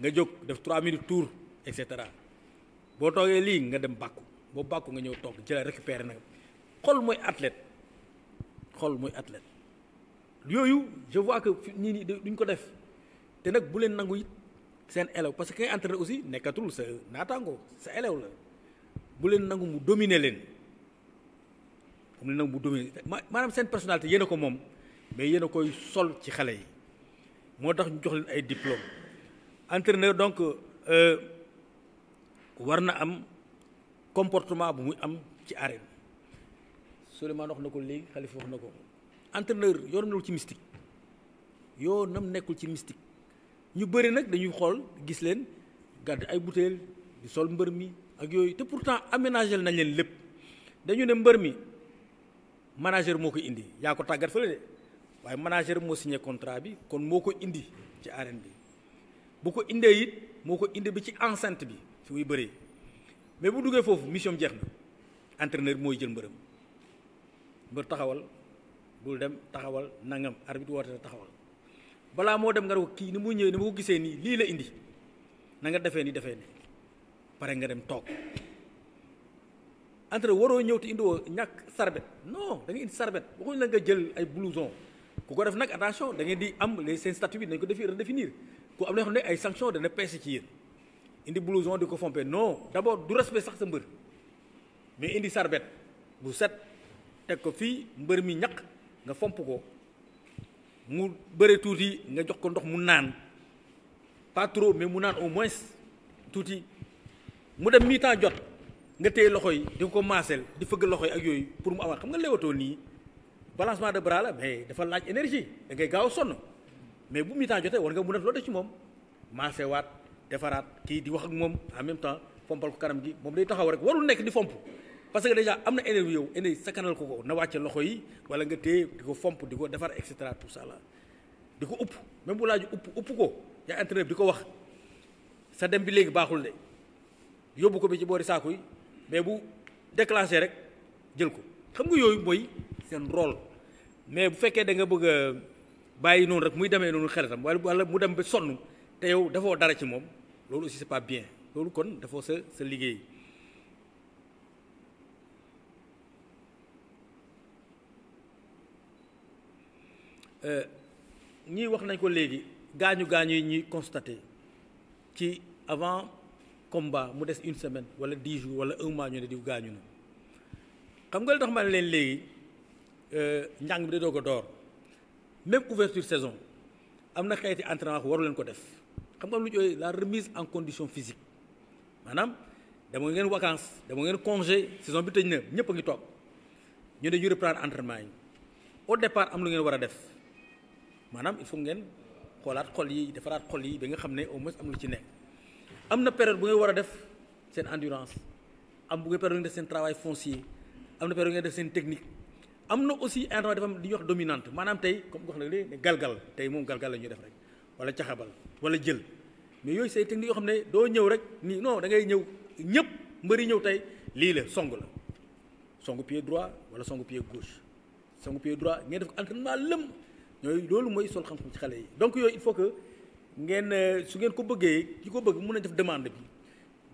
nga jóg def 3 minutes tour et cetera boo toogee lii nga dem bàkku boo bàkku nga ñëw toog jëla récupérer na xol mooy athlète xol mooy athlète yooyu je vois que ñii ni duñ ko def te nag bu leen nangu it seen élève parce que kay entraîné aussi nekkatul sa naataango sa élève la bu leen nangu mu dominer leen bu leen nangu mu dominer maanaam seen personnalité yéen a ko moom mais yéen a koy sol ci xale yi moo tax ñu jox leen ay diplôme entraîneur donc euh, war na am comportement bu muy am ci arène Souleymane wax na ko léegi Khalifa na ko entraîneur yoonam nekkul ci mystique yoonam nekkul ci mystique ñu bëri nag dañuy xool gis leen gàdd ay butéel di sol mbër mi ak yooyu te pourtant aménagé nañ leen lépp dañu ne mbër mi manager moo ko indi yaa ko tàggat fële de waaye manager moo signé contrat bi kon moo ko indi ci arène bi bu ko indee it moo ko indi bi ci enceinte bi fi muy bëree mais bu duggee foofu mission jeex na entraîneur mooy jël mbërëm mbër taxawal bul dem taxawal nangam arbitre woote taxawal balaa moo dem nga kii ni mu ñëwee ni ma gisee nii lii la indi na nga defee ni defee ni pare nga dem toog entraîneur waroo ñëw te indiwoo ñàkk sarbet non da nga indi sarbet waxuñ la nga jël ay blouson ku ko def nag attention da ngeen di am les seen statut bi nañ ko défi redéfinir ku am na xam ne ay sanction dana peese ci indi blouson di ko fompe non d'abord du respect sax sa mbër mais indi sarbet bu set teg ko fii mbër mi ñaq nga fomp ko mu bëri tuuti nga jox ko ndox mu naan pas trop mais mu naan au moins tuuti mu dem mi temps jot nga téye loxo yi di ko maaseel di fëgg loxo yi ak yooyu pour mu amaat xam nga leewatoo nii balancement de bras mais dafa laaj énergie da ngay gaaw sonn mais bu mi temps jotee war nga mun a loo def ci moom maasewaat defaraat kii di wax ak moom en même temps fompal ko kanam gi moom day taxaw rek warul nekk di fomp parce que déjà am na énergie yow énergie sakanal ko ko na wàcce loxo yi wala nga téye di ko fomp di ko defar et cetera tout ça là di ko upp même bu laaju upp upp ko ya entraîneur di ko wax sa dem bi léegi baaxul de yóbbu ko bi ci boori saako yi mais bu déclenché rek jël ko xam nga yooyu mooy seen rôle mais bu fekkee da nga bëgg bàyyi noonu rek muy demee noonu xaritam wala mu dem ba sonn te yow dafoo dara ci moom loolu aussi c'est pas bien loolu kon dafoo sa sa liggéey euh, ñii wax nañ ko léegi gaañu gaañu yi ñuy constaté ci avant combat mu des une semaine wala dix jours wala un mois ñu ne diw gaañu na xam nga li tax ma ne leen léegi euh, njàng bi da doog ko door même couverture saison amna na entraînement waru len ko def xam nga am lu ñu la remise en condition physique manam dama ngeen vacances dama ngeen congé saison bi tëj ñepp ñëpp a ngi toog ñu ne ñu reprendre entraînement au départ am lu ngeen wara def manam il faut ngeen xoolaat xol yi defaraat xol yi ba nga xam au moins am lu ci nekk amna période bu ngeen wara def sen endurance am bu ngeen période ngeen def seen travail foncier amna période ngeen def sen technique. am na aussi internet dafa am li ñuy wax dominante maanaam tey comme wax na léegi ne galgal tey moom galgal la ñuy def rek wala caxabal wala jël mais yooyu say technique yoo xam ne doo ñëw rek nii non da ngay ñëw ñëpp mbëri ñëw tey lii la song la song pied droit wala song pied gauche song pied droit ngeen def ko entraînement lëm ñooyu loolu mooy sol xam-xam ci xale yi donc yooyu il faut que ngeen euh, su ngeen ko bëggee ki ko bëgg mën nañ def demande bi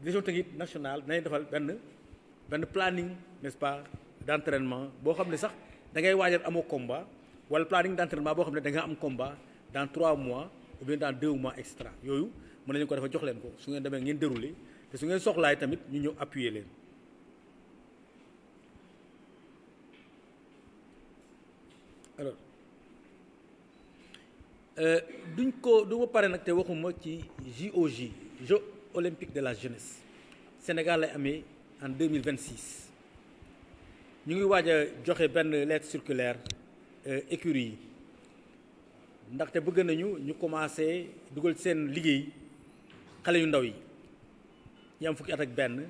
direction technique national nañ defal benn benn planning n'est-ce pas d'entraînement bo xamné sax da ngay waajal amoo combat wala planning d'entraînement bo xamné da nga am combat dans 3 mois ou bien dans 2 mois extra Yoyu mën nañ ko dafa jox len ko su ngeen demé ngeen déroulé té su ngeen soxlaay tamit ñu ñeu appuyer len. alors euh duñ ko du ma paré nak té waxuma ci JOJ Jeux olympiques de la jeunesse Sénégal lay amé en 2026 ñu ngi joxé a lettre circulaire euh, écurie Ndax té bëgg nañu ñu commencé duggal seen liggéey xalé yu ndaw yi ñu am fukki at ak benn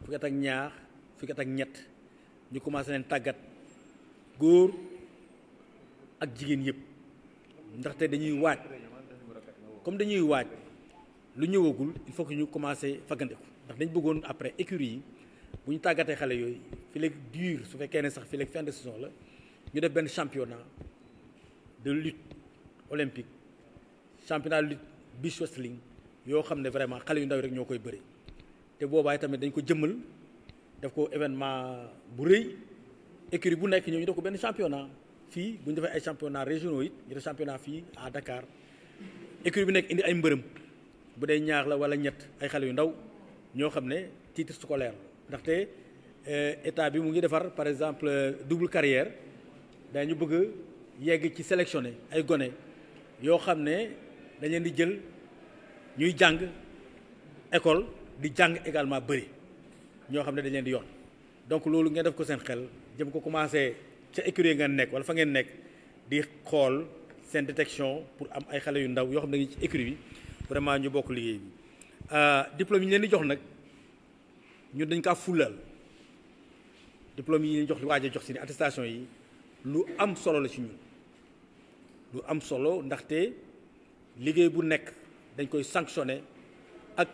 fukki at ak ñaar fukki at ak ñett ñu commencé leen tàggat góor ak jigéen ndax té dañuy waaj comme dañuy waaj lu ñëwagul il faut que ñu commencé faggandiku ndax dañ bëggoon après écurie bu ñu tàggatee xale yooyu fi léegi dur su fekkee ne sax fi léegi fin de saison la ñu def benn championnat de lutte olympique championnat de lutte beach wrestling yoo xam ne vraiment xale yu ndaw rek ñoo koy bëri te boobaay tamit dañ ko jëmmal def ko événement bu rëy écurie bu nekk ñëw ñu def ko benn championnat fii bu ñu defee ay championnat régionaux it ñu def championnat fii à Dakar écurie bi nekk indi ay mbërëm bu dee ñaax la wala ñett ay xale yu ndaw ñoo xam ne titre ndaxte eh, état bi mu ngi defar par exemple eh, double carrière dañu bëgg yegg ci sélectionné ay goné yo xamné dañ leen di jël ñuy jàng école di jàng également bëri ño xamné dañ leen di yoon donc loolu ngeen def ko seen xel jëm ko commencé ca écurie ngeen nekk wala fa ngeen nekk di xool seen détection pour am ay xale yu ndaw yoo xam ne ci écurie bi vraiment ñu bokk liggéey bi euh, diplôme yi ñu leen di jox nag ñu dañ ka fulal diplôme yi ñu jox li a jox seen attestation yi lu am solo la ci ñun lu am solo ndaxte liggéey bu nekk dañ koy sanctionné ak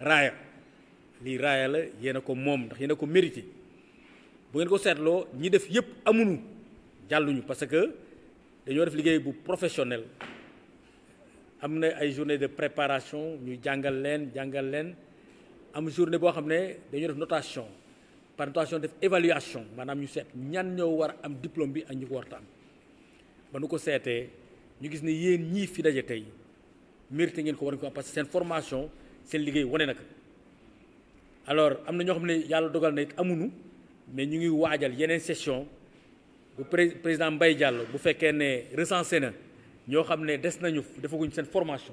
raaya li raaya la yéen a ko moom ndax yéen a ko mérité bu ngeen ko seetloo ñi def yépp amuñu jàlluñu parce que dañoo def liggéey bu professionnel am na ay journée de préparation ñu jàngal leen jàngal leen am journée bo xamné dañu def notation par notation def évaluation maanaam ñu seet ñan ñoo war am diplôme bi ak ñu ko war a ba nu ko sété ñu gis ne yeen ñi fi dajé tay mérité ngeen ko war ko am parce que seen formation seen liggéey woné nak alors amna na ñoo xam ne dogal na amunu mais ñu ngi waajal yeneen session bu président Mbaye Diallo bu fekkee ne recensé na ñoo xam ne des nañu defaguñ seen formation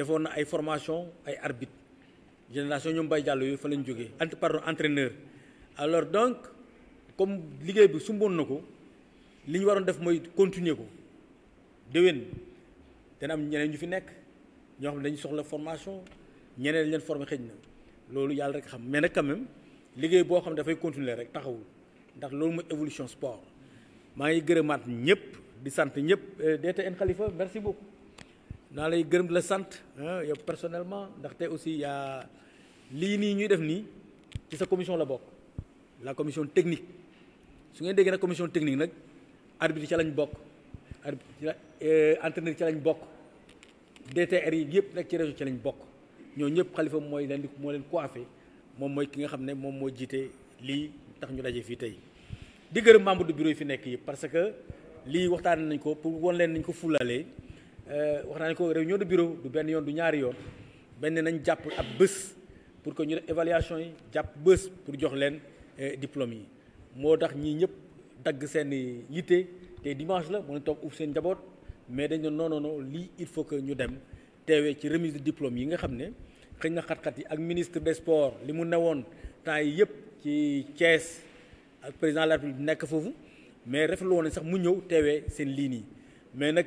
Il ay formation ay arbitre génération entraîneur alors donc comme bi sumbon nako liñ Ils def continuer ko am fi xam soxla formation ñeneen leen former xejna Ils yalla rek xam mais quand même continuer rek taxawul ndax sport ñëpp di eh, DTN Khalifa merci beaucoup naa lay gërëm di la sant hein, yow personnellement ndaxte aussi yaa lii nii ñuy def nii ci sa commission la bokk la commission technique su ngeen déggee nag commission technique nag arbitre ci lañ bokk arbitre ci la euh, entraîneur ci lañ bokk DTR yi yëpp nag ci réseau ci lañ bokk ñoo ñëpp xalifa mooy leen moo leen coiffé moom mooy ki nga xam ne moom moo jiite lii tax ñu daje fii tey di gërëm membre du bureau yi fi nekk yi parce que lii waxtaan nañ ko pour won leen nañ ko fulalee euh, wax naa ne ko réunion de bureau du benn yoon du ñaari yoon benn nañ jàpp ab bés pour que ñu def évaluation yi jàpp bés pour jox leen euh, diplôme yi moo tax ñii ñëpp dagg seen yitte te dimanche la mën a toog uf seen njaboot mais dañ ne non non non lii il faut que ñu dem teewee ci remise de diplôme yi nga xam ne xëñ na xat-xat yi ak ministre des sports li mu newoon temps yi yëpp ci Thiès ak président de la République nekk foofu mais rafetlu woon nañ sax mu ñëw teewee seen liin yi mais nag.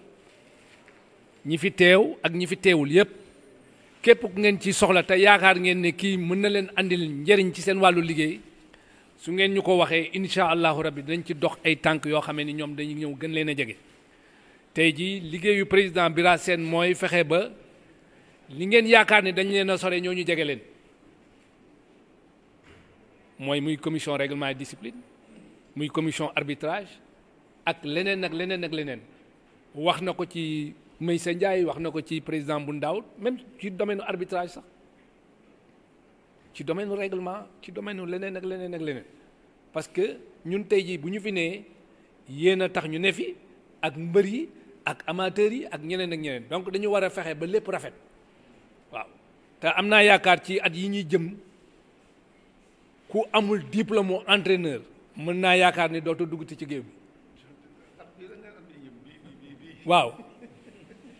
ñi fi teew ak ñi fi teewul yépp képp ku ngeen ci soxla te yaakaar ngeen ne kii mën na leen andil njëriñ ci seen wàllu liggéey su ngeen ñu ko waxee incha allahu rabbi dañ ci dox ay tànk yoo xamee ni ñoom dañuy ñëw gën leen a jege tey jii liggéeyu président Bira Sène mooy fexe ba li ngeen yaakaar ne dañ leen a sore ñoo ñu jege leen mooy muy commission règlement et discipline muy commission arbitrage ak leneen ak leneen ak leneen wax na ko ci Meissa Ndiaye wax na ko ci président bu ndaw même ci domaine arbitrage sax ci domaine règlement ci domaine leneen ak leneen ak leneen parce que ñun tey jii bu ñu fi nee yéen a tax ñu ne fi ak mbër yi ak amateurs yi ak ñeneen ak ñeneen donc dañu war a fexe ba lépp rafet waaw te am naa yaakaar ci at yi ñuy jëm ku amul diplôme mu entraîneur mën naa yaakaar ni dootu ti ci géew bi waaw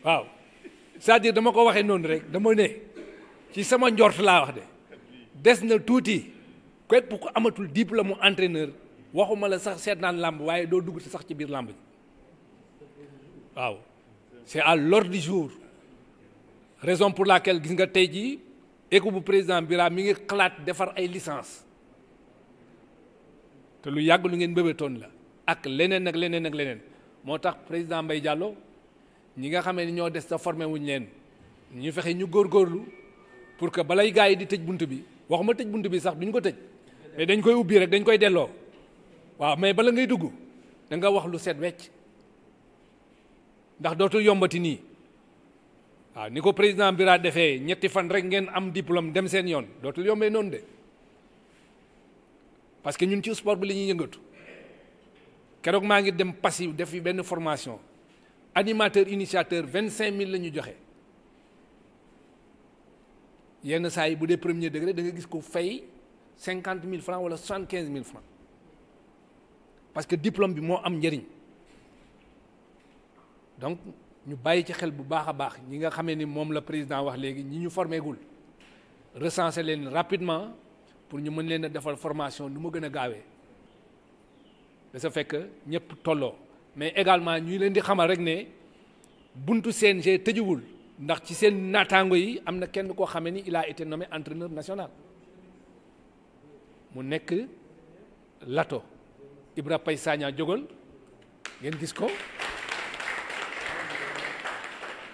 waaw c'est-à-dire dama ko rek dama ne ci sama njort laa wax de des na tuuti amatul diplôme entraîneur waxuma la sax seet naan làmb waaye doo dugg sax ci biir làmb c'est à l'ordre du jour raison pour laquelle gis nga équipe président Bira mi ngi xalaat licence te lu la ak ak ak président ñi nga xamé ni ñoo dess da formé wuñ leen ñu fexé ñu gorlu pour que balay gaay di tëj buntu bi waxuma tëj buntu bi sax duñ ko tëj mais dañ koy ubbi rek dañ koy delloo waaw mais bala ngay dugg da nga wax lu set wecc ndax dootul yombati ni waaw niko ko bi ra defee ñetti fan rek ngeen am diplôme dem seen yoon dootul yombé non dé parce que ñun ci sport bi li ñuy yëngatu kérok ma ngi dem passif def fi ben formation animateur initiateur 25 000 lañu joxé yenn saa yi bu dee premier degré 50 000 francs ou 75 000 francs parce que le diplôme est moo donc nous bàyyi ci xel bu baax a baax ñi nga la président wax léegi ñi recenser rapidement pour ñu mën leen a defal formation lu mu gën a gaawee ba sa fekk mais également ñuy leen di xamal rek ne buntu CNG tëjuwul ndax ci seen naataango yi am na kenn koo xamee ni il a été nommé entraîneur national mu nekk Lato Ibra Pay Sagna jógal ngeen gis ko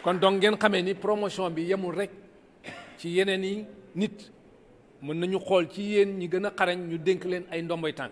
kon donc ngeen xame ni promotion bi yemul rek ci yeneen yi nit mën nañu xool ci yéen ñi gën a xarañ ñu dénk leen ay ndomboy tànk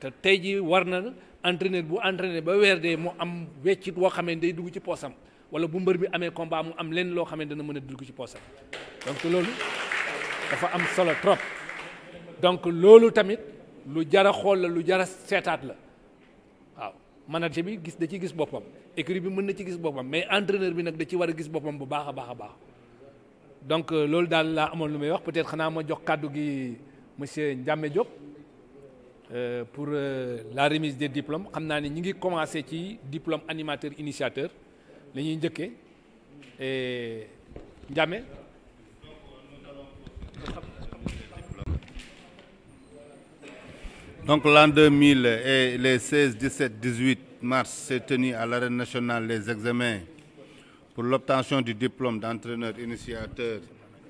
te tey entraîneur entraîneur ba weer am wéccit woo day dugg ci poosam wala bu combat am donc loolu dafa am solo trop donc loolu tamit lu jar a xool lu manager bi gis da ci gis boppam bi ci gis mais entraîneur bi nag da ci gis bu donc loolu daal laa amoon lu peut-être xanaa ma jox kàddu gi monsieur Ndiamé Diop. Euh, pour euh, la remise des diplômes diplôme animateur initiateur la et Donc l'an 2000 et les 16, 17, 18 mars s'est tenu à l'arène nationale les examens pour l'obtention du diplôme d'entraîneur initiateur,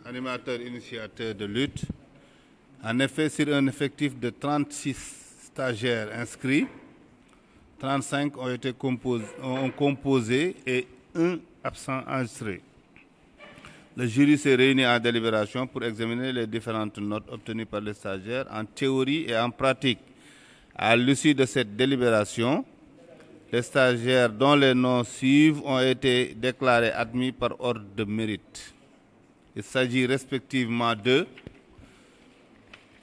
animateur initiateur de lutte. En effet, sur un effectif de 36 stagiaires inscrits, 35 ont été composés, et un absent enregistré. Le jury s'est réuni en délibération pour examiner les différentes notes obtenues par les stagiaires en théorie et en pratique. À l'issue de cette délibération, les stagiaires dont les noms suivent ont été déclarés admis par ordre de mérite. Il s'agit respectivement de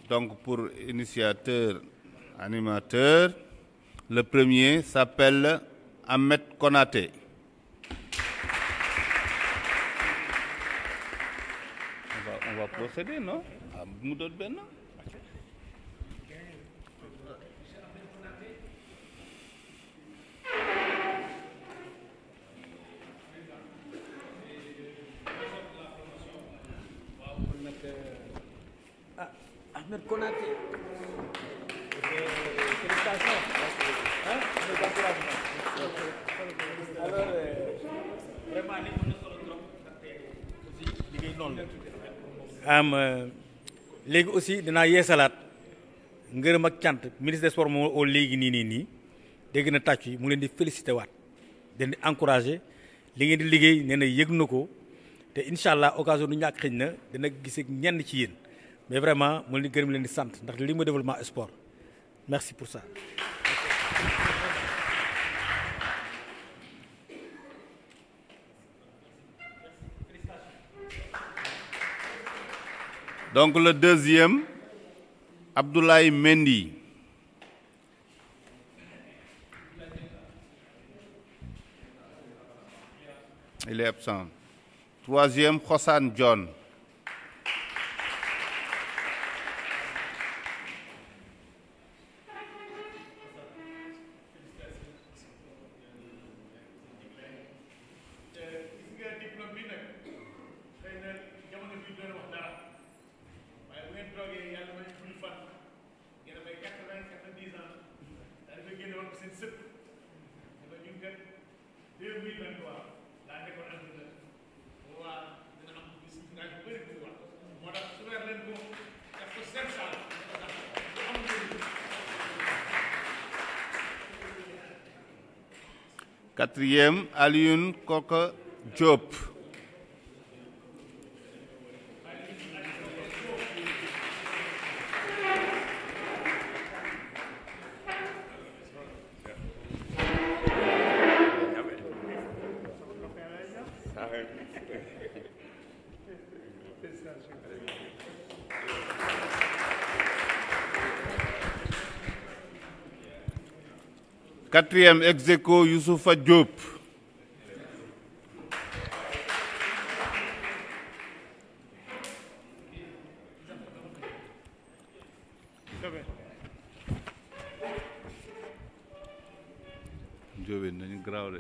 donc pour initiateur, animateur. Le premier s'appelle Ahmed Konate. On va, procéder, non? Ah, Konaté. Félicitations. Hein? aussi liggéey noonu la. am euh, léegi aussi dinaa yeesalaat ngërëm ak cant ministre des sports moo oo léegi nii nii nii dégg na tàcc yi mu leen di félicité waat den di encouragé li ngeen di liggéey nee na yëg na ko te incha allah occasion du ñàkk xëñ na dana gis ak ñenn ci yéen. mais vraiment je suis développement sport merci pour ça. donc le deuxième Abdoulaye Mendy. il est absent troisième Khossan John quatrième Alioune Koka Diop quatrième ex aequo Youssoufa Diop jóobeen dañu garaaw de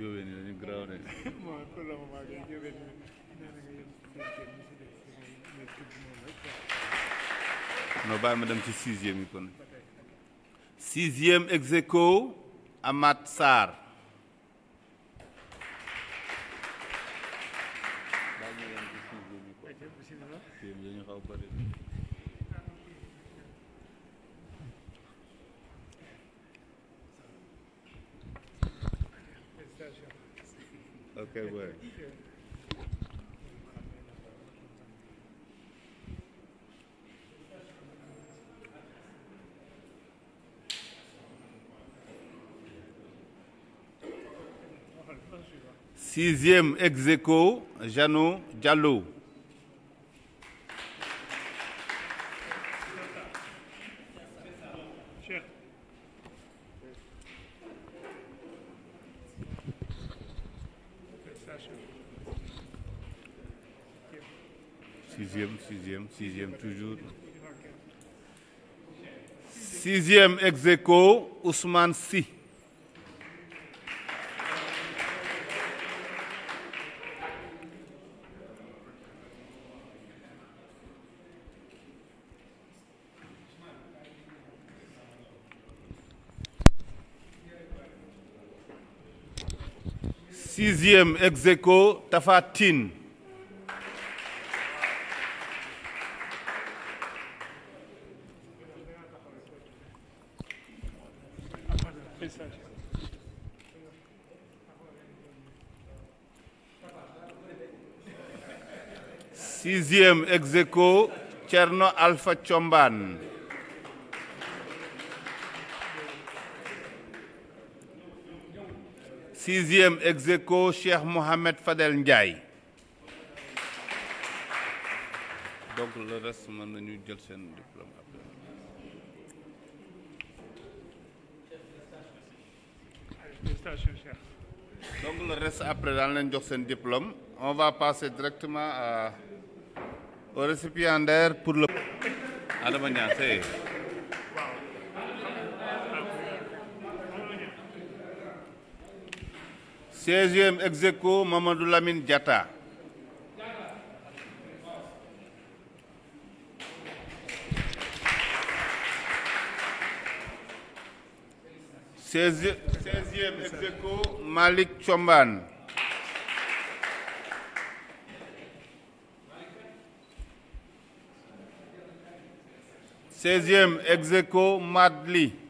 jóobeen dañu garaaw de (laughs) no bàyyi ma dem ci sixième yi kon Sixième exéco aequo, Amat Sixième ex aequo, Jeannot Diallo. Sixième, sixième, sixième toujours. Sixième ex Ousmane Si. Sixième exéco aequo, Tafatine. Sixième ex aequo, Tcherno Alpha Chomban. Sixième ex aequo, Cheikh Mohamed Fadel Ndiaye. Donc le reste, mën nous le seen diplôme Donc le reste après dans leen jox diplôme. On va passer directement à, au récipiendaire pour le... Adama c'est... 16e execo Mamadou Lamine Diatta. 16e aequo Malik Chomban. 16e aequo Madli.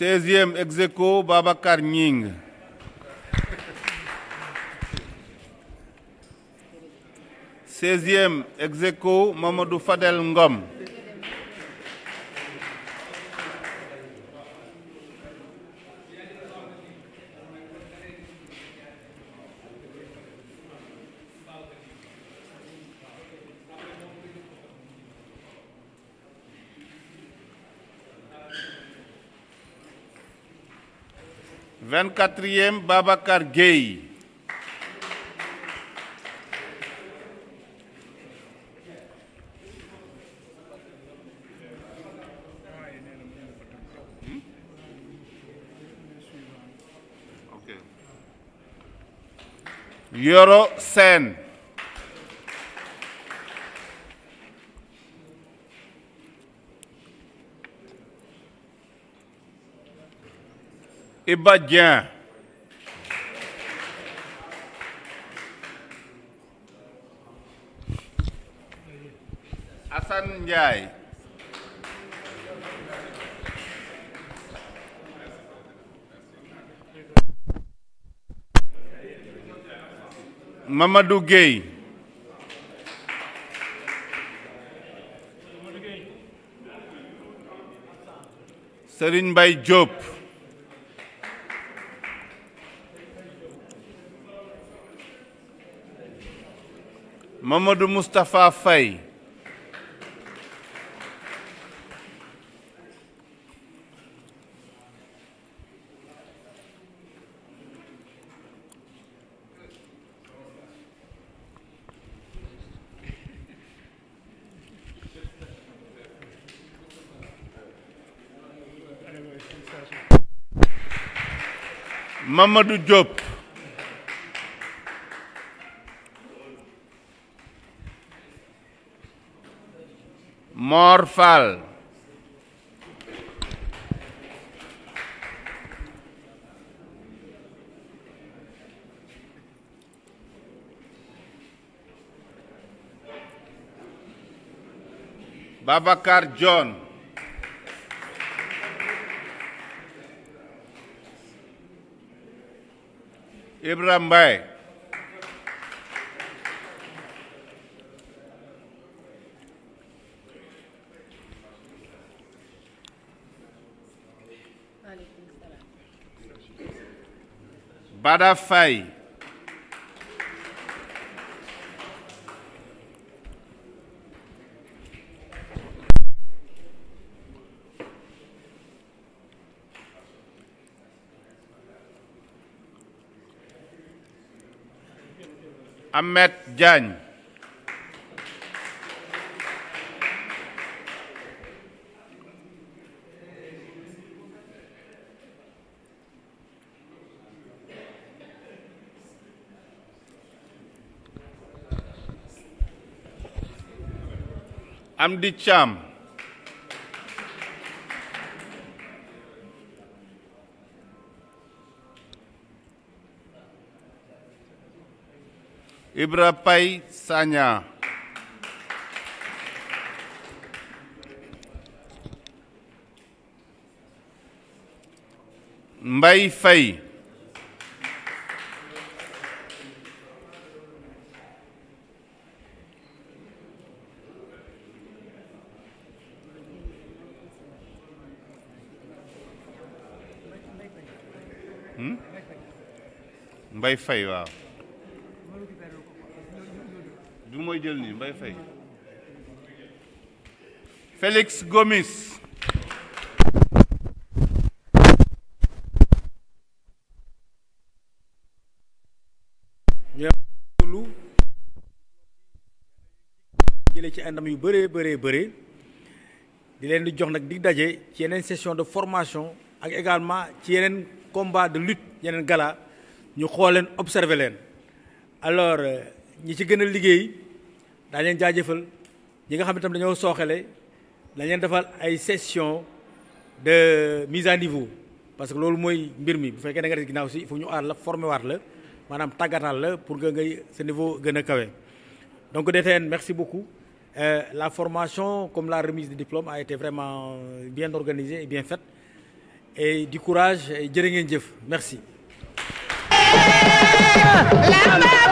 16e ex aequo Babacar Nying. seizième ex aequo Mamadou Fadel Ngom 24e Babacar Gueye hmm? Yoro Sène et Badien. Hassan Ndiaye. Mamadou Gueye. Serigne Baye Diop. Mamadou Mustapha Faye Mamadou Diop Orval, Babakar John Ibrahim Bay Badafay. Ahmed Jan. di Cham. Ibrapai Sanya. mbay fay Mbaye Faye waaw du mooy jël nii Mbaye Faye Félix Gomis ñolu jëlee ci andam yu bëree bëree bëree di leen di jox nak di dajé ci yeneen session de formation ak également ci yeneen combat de lutte yeneen gala ñu xool leen observé alors euh, ñi ci gën a liggéey daa leen jaajëfal ñi nga xam ne tam dañoo sooxele dañ defal ay session de mise à niveau parce que loolu mooy mbir mi bu fekkee da nga ginnaaw si il faut ñu aar la formé waat la maanaam la pour que ngay sa niveau gën a kawe donc DTN merci beaucoup euh, la formation comme la remise de diplôme a été vraiment bien organisée et bien faite et du courage jërë ngeen jëf merci Làm ba